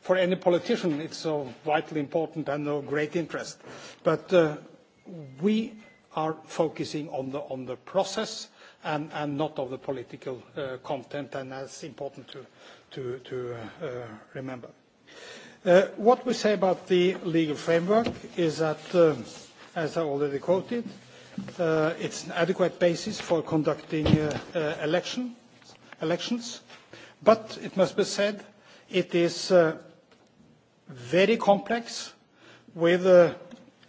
for any politician, it's of vitally important and of great interest. But uh, we are focusing on the, on the process and, and not of the political uh, content, and that's important to, to, to uh, remember. Uh, what we say about the legal framework is that, uh, as I already quoted, uh, it's an adequate basis for conducting election, elections. But it must be said, it is very complex with uh,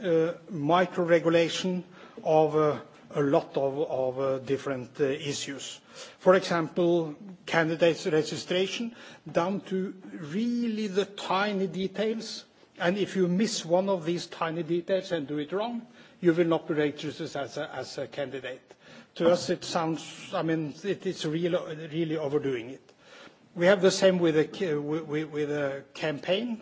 uh, micro-regulation of uh, a lot of, of uh, different uh, issues. For example, candidates registration, down to really the tiny details, and if you miss one of these tiny details and do it wrong, you will not be registered as a, as a candidate. To us, it sounds, I mean, it is really, really overdoing it. We have the same with a, with, with a campaign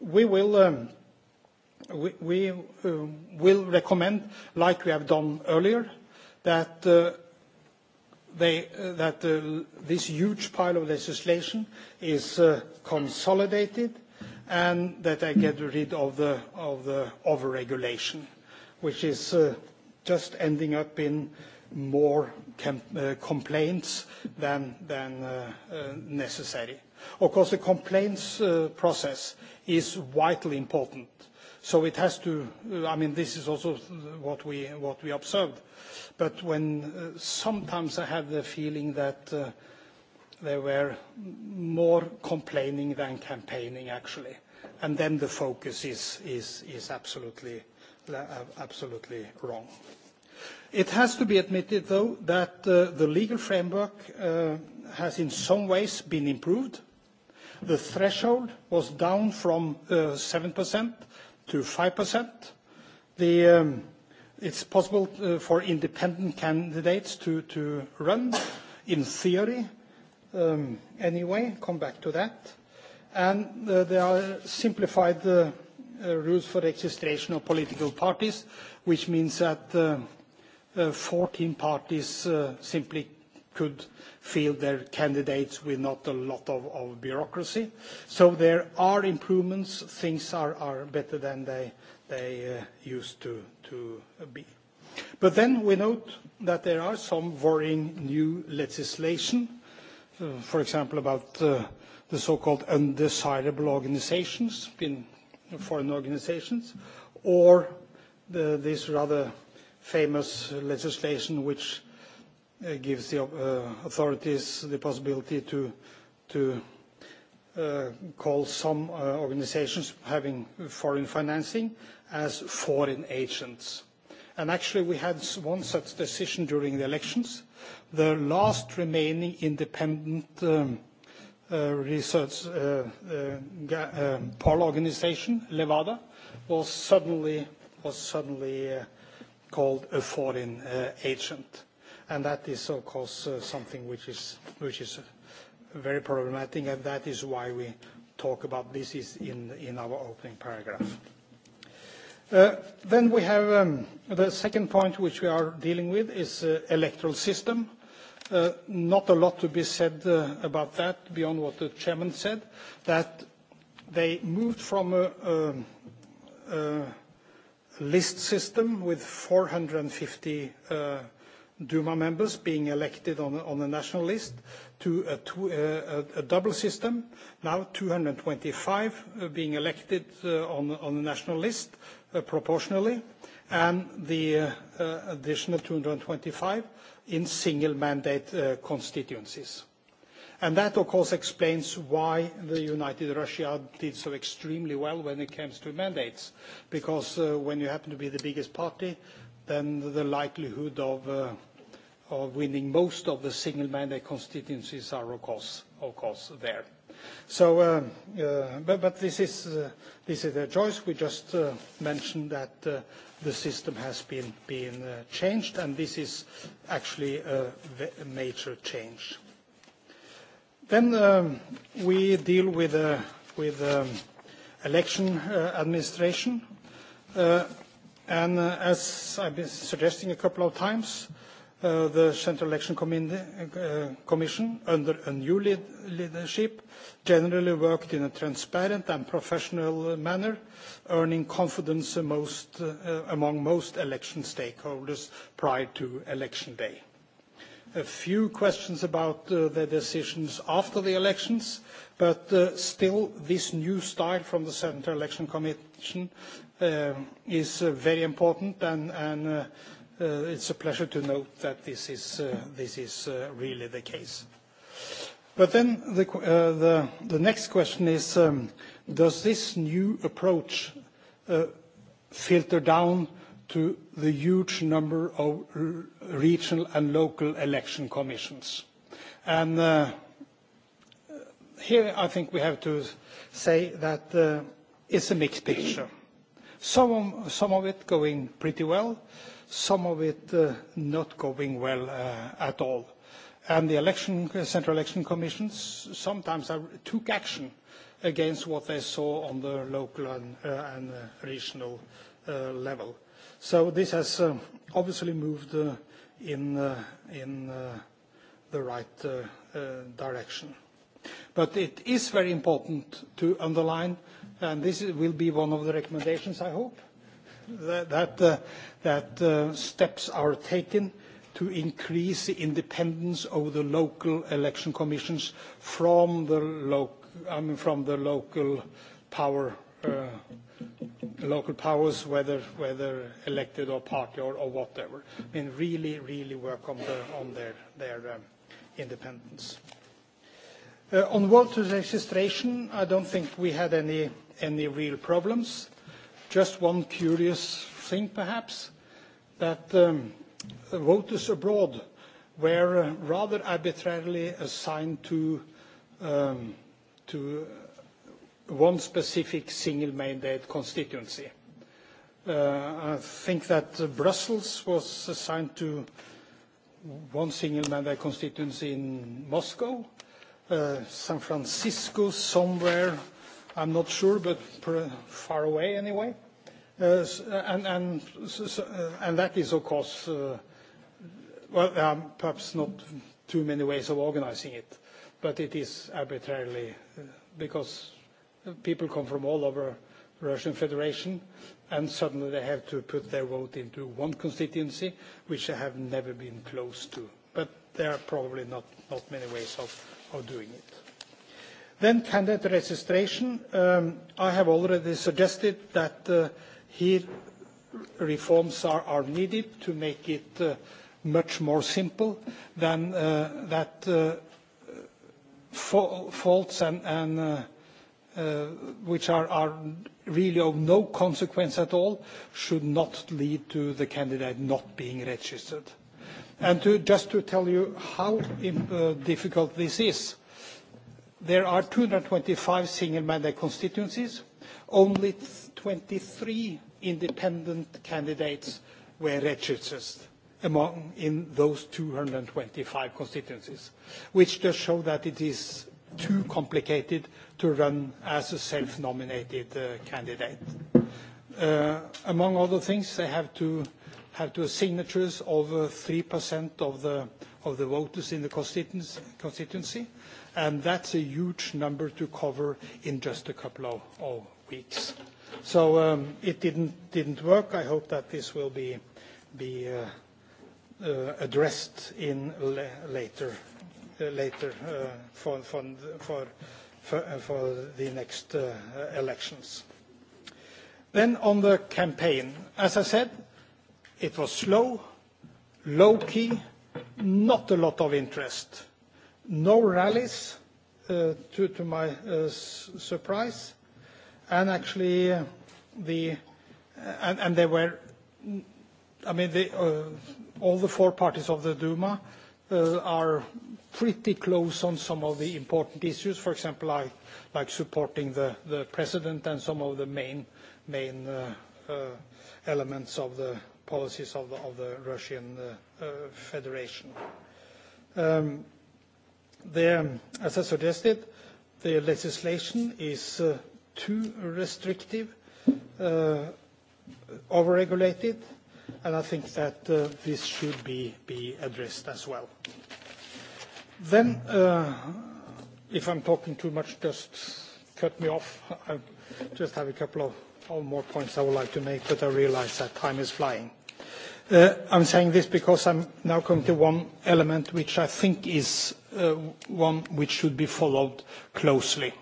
we will um, we, we uh, will recommend, like we have done earlier, that uh, they, uh, that uh, this huge pile of legislation is uh, consolidated and that they get rid of the, of the over-regulation, which is uh, just ending up in more uh, complaints than, than uh, uh, necessary. Of course, the complaints process is vitally important. So it has to, I mean, this is also what we, what we observed. But when sometimes I have the feeling that there were more complaining than campaigning, actually. And then the focus is, is, is absolutely, absolutely wrong. It has to be admitted, though, that uh, the legal framework uh, has in some ways been improved. The threshold was down from uh, 7% to 5%. The, um, it's possible uh, for independent candidates to, to run, in theory, um, anyway, come back to that. And uh, there are simplified uh, uh, rules for registration of political parties, which means that uh, 14 uh, parties uh, simply could field their candidates with not a lot of, of bureaucracy. So there are improvements. Things are, are better than they, they uh, used to, to be. But then we note that there are some worrying new legislation, uh, for example, about uh, the so-called undesirable organizations, foreign organizations, or the, this rather famous legislation which uh, gives the uh, authorities the possibility to, to uh, call some uh, organizations having foreign financing as foreign agents. And actually, we had one such decision during the elections. The last remaining independent um, Uh, research uh, uh, um, poll organization, Levada, was suddenly, was suddenly uh, called a foreign uh, agent. And that is, of course, uh, something which is, which is uh, very problematic, and that is why we talk about this is in, in our opening paragraph. Uh, then we have um, the second point which we are dealing with is uh, electoral system. Uh, not a lot to be said uh, about that beyond what the chairman said, that they moved from a, a um, uh, list system with 450 uh, Duma members being elected on, the national list to a, uh, double system, now 225 uh, being elected on, the national list proportionally, and the additional 225 in single mandate constituencies. And That, of course, explains why the United Russia did so extremely well when it comes to mandates. Because uh, when you happen to be the biggest party, then the likelihood uh, of, winning most of the single mandate constituencies are, of course, of course there. So, uh, but, This is this their choice. We just mentioned that the system has been changed, and this is actually a major change. Then um, we deal with, uh, with um, election uh, administration. Uh, and uh, as I've been suggesting a couple of times, uh, the Central Election Com uh, Commission, under a new lead leadership, generally worked in a transparent and professional manner, earning confidence most, among most election stakeholders prior to election day a few questions about uh, the decisions after the elections, but uh, still, this new style from the Central Election Commission uh, is uh, very important, and, and uh, uh, it's a pleasure to note that this is, this is really the case. But then the, the, the next question is, um, does this new approach filter down to the huge number of regional and local election commissions. And uh, here I think we have to say that uh, it's a mixed picture. Some of, some of it going pretty well, some of it uh, not going well uh, at all. And the election, Central Election Commissions sometimes are, took action against what they saw on the local and, uh, and uh, regional uh, level. So this has um, obviously moved in, in the right direction. But it is very important to underline, and this will be one of the recommendations, I hope, that, uh, that uh, steps are taken to increase the independence of the local election commissions from the, local mean from the local power, uh, local powers, whether whether elected or party or, or whatever. I mean, really, really work on the on their their um, independence. Uh, on voter registration, I don't think we had any any real problems. Just one curious thing, perhaps, that um, voters abroad were uh, rather arbitrarily assigned to um, to one specific single mandate constituency. Uh, I think that Brussels was assigned to one single mandate constituency in Moscow, uh, San Francisco, somewhere, I'm not sure, but far away anyway. Uh, uh and, and, uh, and that is, of course, uh, well, um, perhaps not too many ways of organizing it but it is arbitrarily because people come from all over Russian Federation, and suddenly they have to put their vote into one constituency, which they have never been close to. But there are probably not, not many ways of, of doing it. Then candidate registration. Um, I have already suggested that uh, here reforms are, are needed to make it uh, much more simple than uh, that uh, faults and, and uh, uh, which are, are really of no consequence at all should not lead to the candidate not being registered. And to, just to tell you how uh, difficult this is, there are 225 single mandate constituencies. Only 23 independent candidates were registered among in those 225 constituencies, which just show that it is too complicated to run as a self-nominated uh, candidate. Uh, among other things, they have to have to signatures of 3% uh, of the of the voters in the constituency, and that's a huge number to cover in just a couple of, weeks. So um, it didn't didn't work. I hope that this will be be Uh, addressed in later, uh, later uh, for, the next elections. Then on the campaign, as I said, it was slow, low-key, not a lot of interest. No rallies, to, my surprise, and actually, the, and there were I mean, the, uh, all the four parties of the Duma uh, are pretty close on some of the important issues. For example, like, like supporting the, the president and some of the main, main uh, uh elements of the policies of the, of the Russian uh, uh, Federation. Um, as I suggested, the legislation is too restrictive, overregulated and I think that uh, this should be, be addressed as well. Then, uh, if I'm talking too much, just cut me off. I just have a couple of, of more points I would like to make, but I realize that time is flying. Uh, I'm saying this because I'm now coming to one element which I think is uh, one which should be followed closely,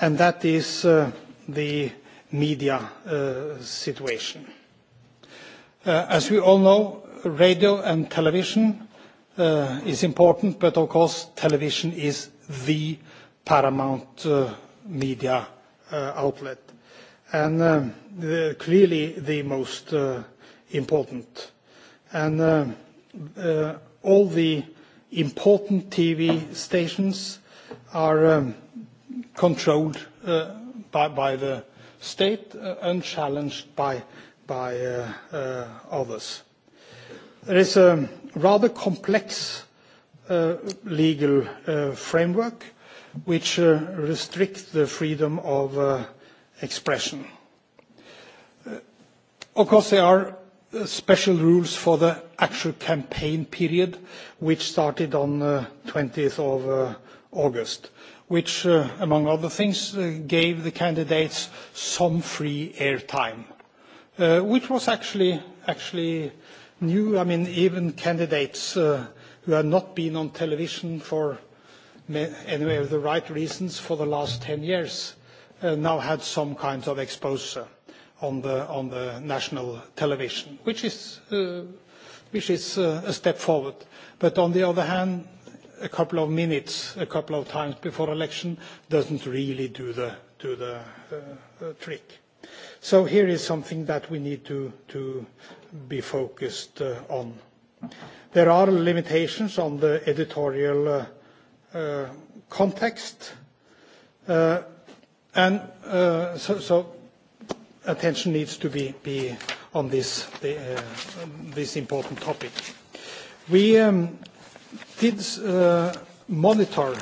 and that is uh, the media uh, situation Uh, as we all know, radio and television uh, is important, but of course, television is the paramount uh, media uh, outlet, and um, the, clearly the most important. And all the important TV stations are um, controlled by, by the state, unchallenged by by uh, uh, others. There is a rather complex uh, legal framework which restricts the freedom of expression. Of course, there are special rules for the actual campaign period, which started on the 20th of August, which, among other things, gave the candidates some free airtime Uh, which was actually actually new. I mean, even candidates uh, who had not been on television for anyway of the right reasons for the last 10 years uh, now had some kind of exposure on the on the national television, which is uh, which is uh, a step forward. But on the other hand, a couple of minutes, a couple of times before election doesn't really do the do the uh, uh, trick. So here is something that we need to, be focused uh, on. There are limitations on the editorial uh, uh, context, and so, attention needs to be, be on this, this important topic. We um, did monitor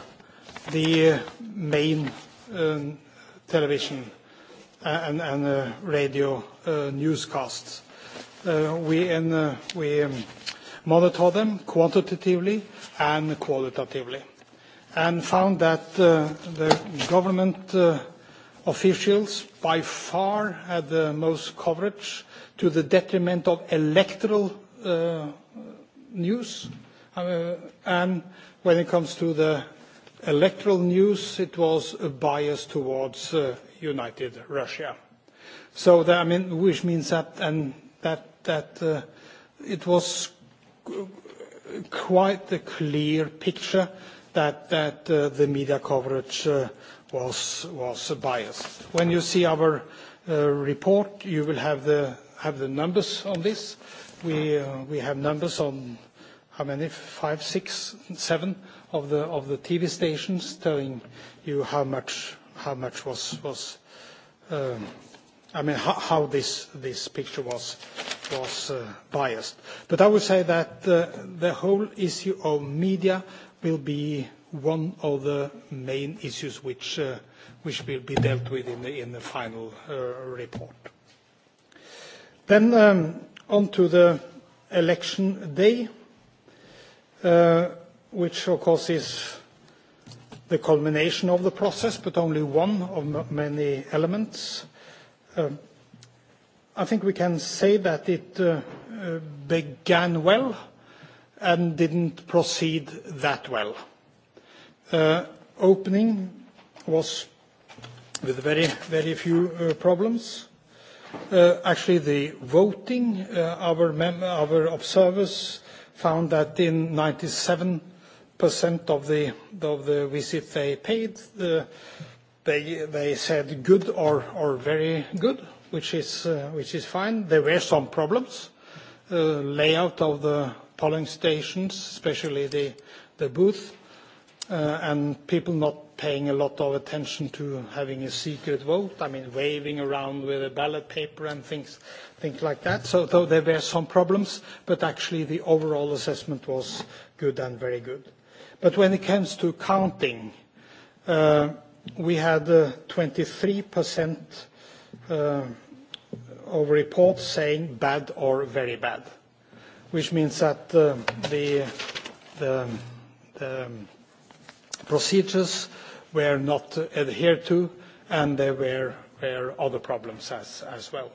the main um, television and, uh, radio uh, newscasts. Uh, we, in, we um, monitor them quantitatively and qualitatively and found that the government officials by far had the most coverage to the detriment of electoral news. And when it comes to the electoral news, it was a bias towards United Russia. So that I mean, which means that and that that uh, it was quite a clear picture that that uh, the media coverage uh, was was biased. When you see our report, you will have the have the numbers on this. We we have numbers on how many? Five, six, seven of the of the TV stations telling you how much how much was, was um, I mean, how, how this, this picture was, was uh, biased. But I would say that uh, the whole issue of media will be one of the main issues which, uh, which will be dealt with in the, in the final uh, report. Then um, on to the election day, uh, which of course is the culmination of the process, but only one of many elements. Um, I think we can say that it uh, uh, began well and didn't proceed that well. Uh, opening was with very, very few problems. Actually, the voting, our, our observers found that in 97 percent of the of the visit they paid, they they said good or or very good, which is uh, which is fine. There were some problems. Uh, layout of the polling stations, especially the the booth, uh, and people not paying a lot of attention to having a secret vote. I mean, waving around with a ballot paper and things things like that. So there were some problems, but actually the overall assessment was good and very good. But when it comes to accounting, uh, we had uh, 23% uh, of reports saying bad or very bad, which means that uh, the, the, the procedures were not adhered to, and there were, were other problems as, as well.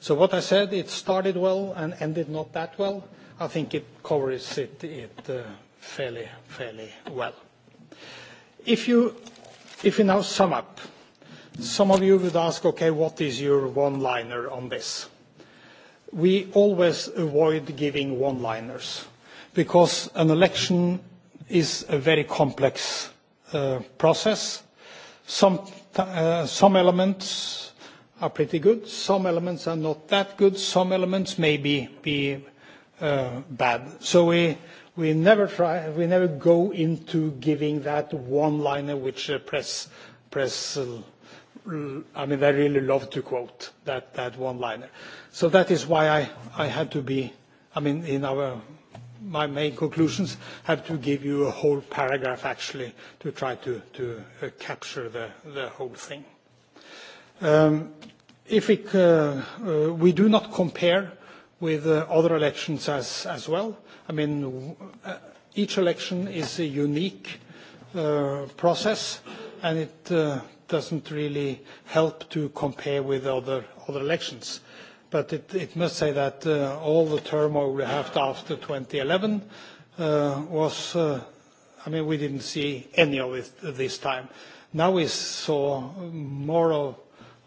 So what I said, it started well and ended not that well. I think it covers it, it uh, fairly, fairly well. If you, if you now sum up, some of you would ask, okay, what is your one-liner on this? We always avoid giving one-liners because an election is a very complex uh, process. Some, uh, some elements are pretty good, some elements are not that good, some elements may be, uh, bad. So we, We never try, we never go into giving that one-liner which uh, press, press uh, I mean, they really love to quote that, that one-liner. So that is why I, I had to be, I mean, in our, my main conclusions, have to give you a whole paragraph actually to try to, to uh, capture the, the whole thing. Um, if we do not compare with uh, other elections as, as well. I mean, uh, each election is a unique uh, process, and it uh, doesn't really help to compare with other, other elections. But it, it must say that uh, all the turmoil we had after 2011 uh, was, I mean, we didn't see any of it this time. Now we saw more of,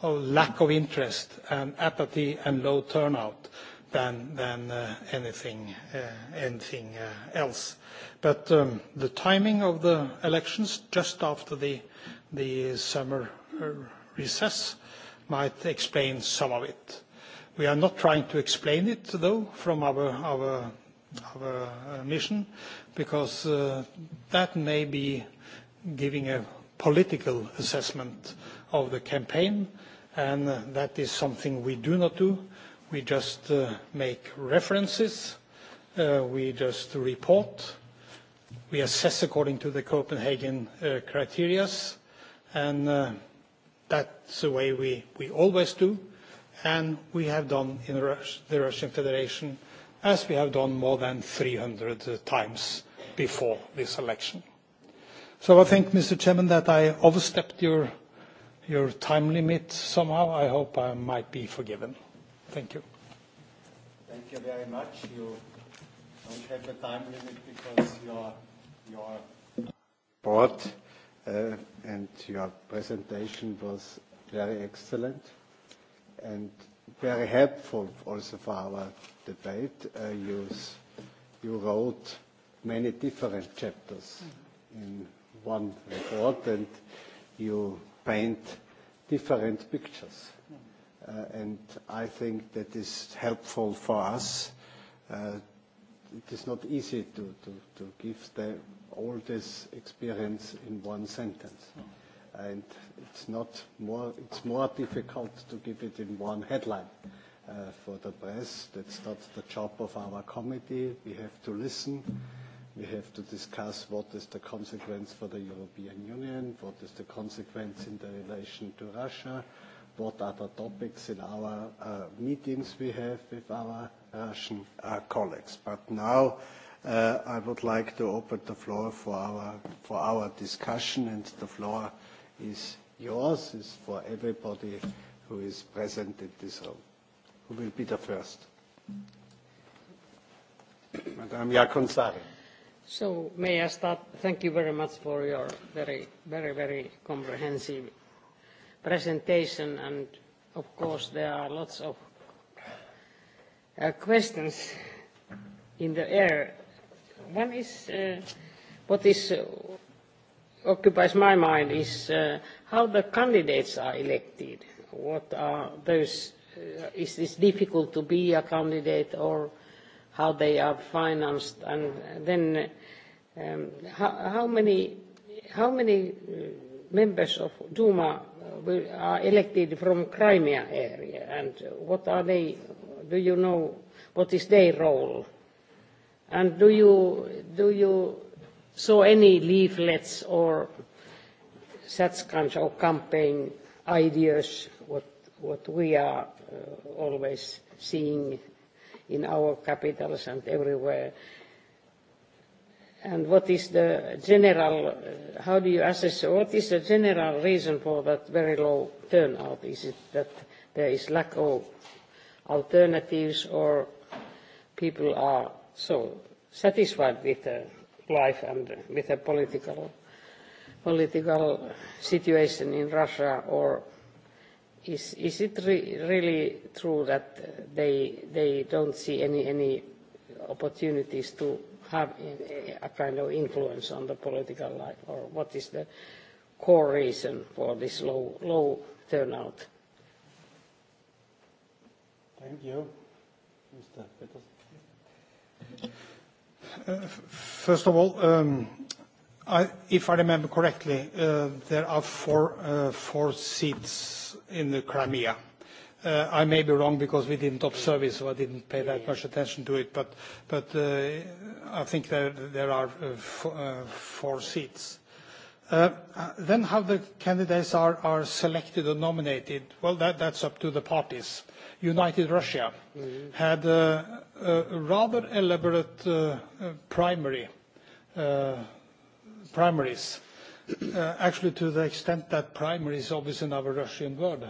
of lack of interest and apathy and low turnout than, uh, anything, uh, uh, else. But um, the timing of the elections just after the, summer recess might explain some of it. We are not trying to explain it, though, from our, mission, because that may be giving a political assessment of the campaign, and that is something we do not do. We just uh, make references. Uh, we just report. We assess according to the Copenhagen uh, criteria, and that's the way we, we always do, and we have done in the Russian Federation as we have done more than 300 times before this election. So I think, Mr. Chairman, that I overstepped your, your time limit somehow. I hope I might be forgiven. Thank you. Thank you very much. You don't have a time limit because your, your report uh, and your presentation was very excellent and very helpful also for our debate. Uh, you, you wrote many different chapters in one report and you paint different pictures Uh, and I think that is helpful for us. Uh, it is not easy to, to, to give the, all this experience in one sentence. And it's not more, it's more difficult to give it in one headline uh, for the press. That's not the job of our committee. We have to listen. We have to discuss what is the consequence for the European Union, what is the consequence in the relation to Russia, what other topics in our uh, meetings we have with our Russian uh, colleagues. But now uh, I would like to open the floor for our, for our discussion, and the floor is yours, is for everybody who is present in this room. Who will be the first? Madame Jaakonsaari. So may I start? Thank you very much for your very, very, very comprehensive presentation and of course there are lots of uh, questions in the air. One is uh, what is uh, occupies my mind is uh, how the candidates are elected. What are those? Uh, is this difficult to be a candidate, or how they are financed? And then, um, how, how many how many uh, members of Duma are elected from Crimea area, and what are they? Do you know what is their role? And do you do you saw any leaflets or such kinds of campaign ideas? What what we are uh, always seeing in our capitals and everywhere and what is the general, uh, how do you assess, what is the general reason for that very low turnout? Is it that there is lack of alternatives or people are so satisfied with the life and with the political, political situation in Russia, or is, is it re really true that they, they don't see any, any opportunities to have a kind of influence on the political life, or what is the core reason for this low, low turnout? Thank you. Mr. Petersen. Uh, first of all, um, I, if I remember correctly, uh, there are four, uh, four seats in the Crimea. Uh, I may be wrong because we didn't observe it, so I didn't pay that much attention to it. But, but uh, I think there, there are uh, uh, four seats. Uh, then how the candidates are, are selected or nominated, well, that, that's up to the parties. United Russia mm-hmm. had a, rather elaborate primary, primaries, actually to the extent that primary is obviously in our Russian word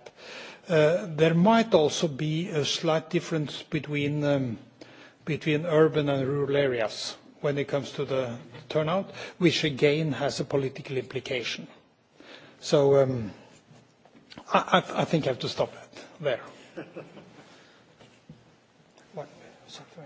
Uh, there might also be a slight difference between, um, between urban and rural areas when it comes to the turnout, which again has a political implication. So um, I, I, think I have to stop that there. What? Something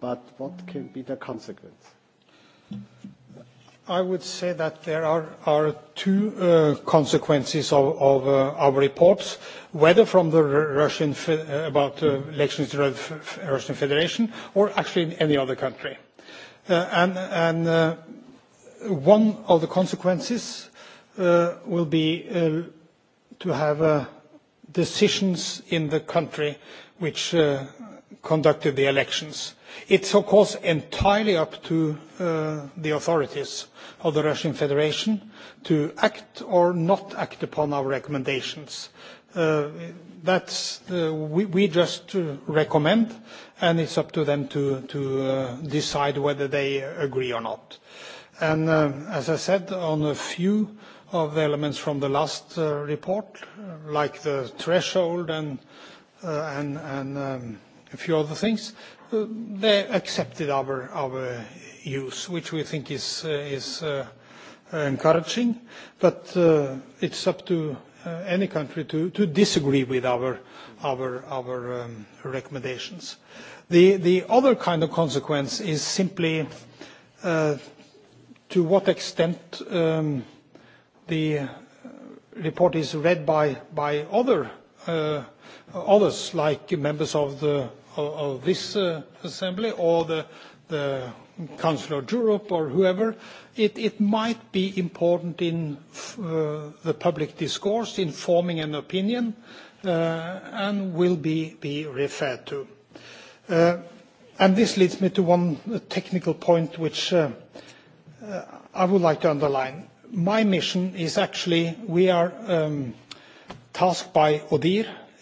but what can be the consequence? I would say that there are, are two uh, consequences of, uh, our reports, whether from the Russian uh, about elections in the Russian Federation or actually in any other country. and one of the consequences will be to have decisions in the country which conducted the elections. It's of course entirely up to uh, the authorities of the Russian Federation to act or not act upon our recommendations. Uh, that's we, we just recommend, and it's up to them to, to uh, decide whether they agree or not. And uh, as I said, on a few of the elements from the last uh, report, like the threshold and, and, and um, a few other things, uh, they accepted our, our use, which we think is, uh, is uh, encouraging. But uh, it's up to uh, any country to, to disagree with our, our, our um, recommendations. The, the other kind of consequence is simply uh, to what extent um, the report is read by, by other, others, like members of the of this uh, assembly or the, the Council of Europe or whoever, it, it might be important in uh, the public discourse, in forming an opinion, uh, and will be, be referred to. Uh, and this leads me to one technical point which uh, uh, I would like to underline. My mission is actually, we are um, tasked by ODIHR,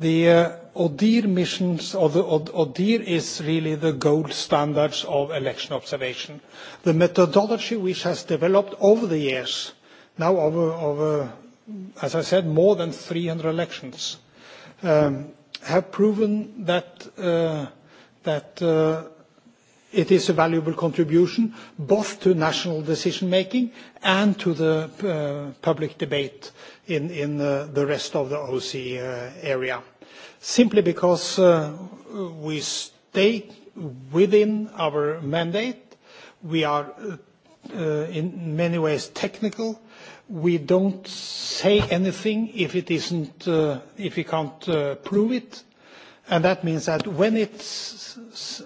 The uh, ODIHR missions or the ODIHR is really the gold standards of election observation. The methodology which has developed over the years, now over, over as I said, more than 300 elections, um, have proven that, uh, that uh, It is a valuable contribution both to national decision-making and to the uh, public debate in, in uh, the rest of the OC uh, area, simply because uh, we stay within our mandate. We are, uh, uh, in many ways, technical. We don't say anything if it isn't, uh, if we can't uh, prove it And That means that when it's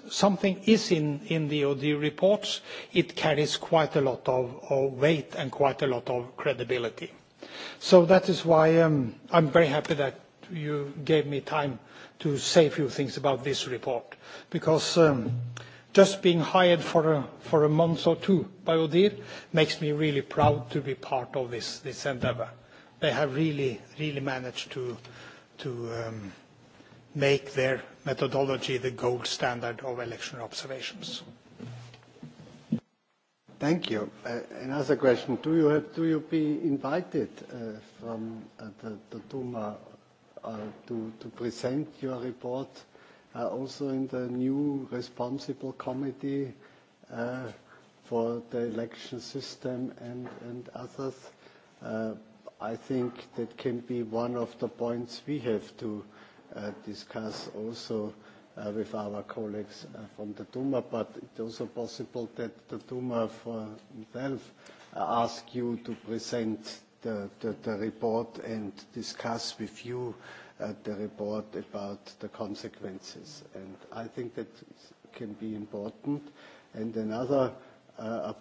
something is in in the OD reports, it carries quite a lot of of weight and quite a lot of credibility. So That is why um, I'm very happy that you gave me time to say a few things about this report, because um, just being hired for a for a month or two by ODIHR makes me really proud to be part of this this endeavor. They have really really managed to to um, make their methodology the gold standard of election observations. Thank you. Uh, another question. Do you have, do you be invited uh, from uh, the, the Duma uh, to, to present your report uh, also in the new responsible committee uh, for the election system and, and others? I think that can be one of the points we have to Uh, discuss also uh, with our colleagues uh, from the Duma, but it's also possible that the Duma for itself ask you to present the, report and discuss with you the report about the consequences. And I think that can be important. And another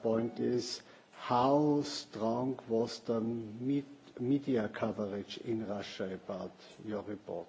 point is how strong was the media coverage in Russia about your report?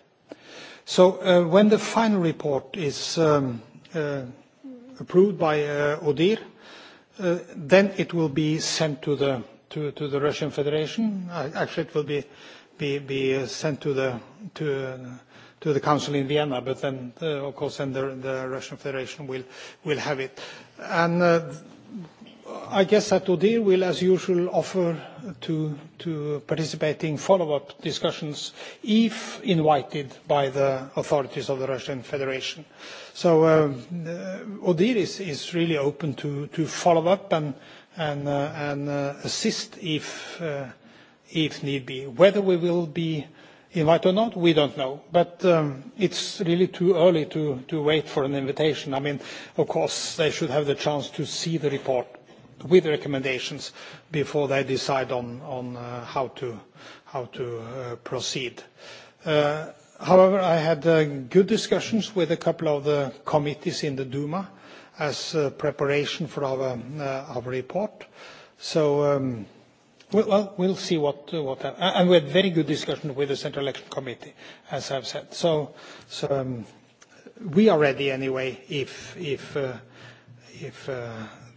So, uh, when the final report is um, uh, approved by uh, ODIHR, uh, then it will be sent to the, to, to the Russian Federation. Uh, actually, it will be, be, be uh, sent to the, to the council in Vienna, but then, of course, then the Russian Federation will, will have it. And I guess that Odile will, as usual, offer to, to participate in follow-up discussions if invited by the authorities of the Russian Federation. So um, uh, Odile is, is really open to, to follow up and, and, uh, and uh, assist if, uh, if need be. Whether we will be invited or not, we don't know. But um, it's really too early to, to wait for an invitation. I mean, of course, they should have the chance to see the report with recommendations before they decide on, uh, how to, uh, proceed. Uh, however, I had good discussions with a couple of the committees in the Duma as preparation for our, report. So, um, well, we'll see what. happens. and we had very good discussion with the Central Election Committee, as I've said. So, um, we are ready anyway if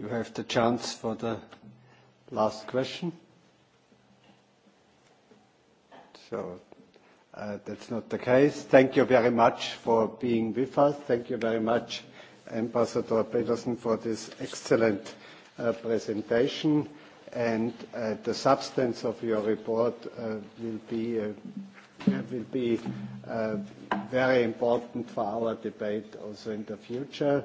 You have the chance for the last question. So uh, that's not the case. Thank you very much for being with us. Thank you very much, Ambassador Peterson, for this excellent uh, presentation. And uh, the substance of your report will be will be very important for our debate also in the future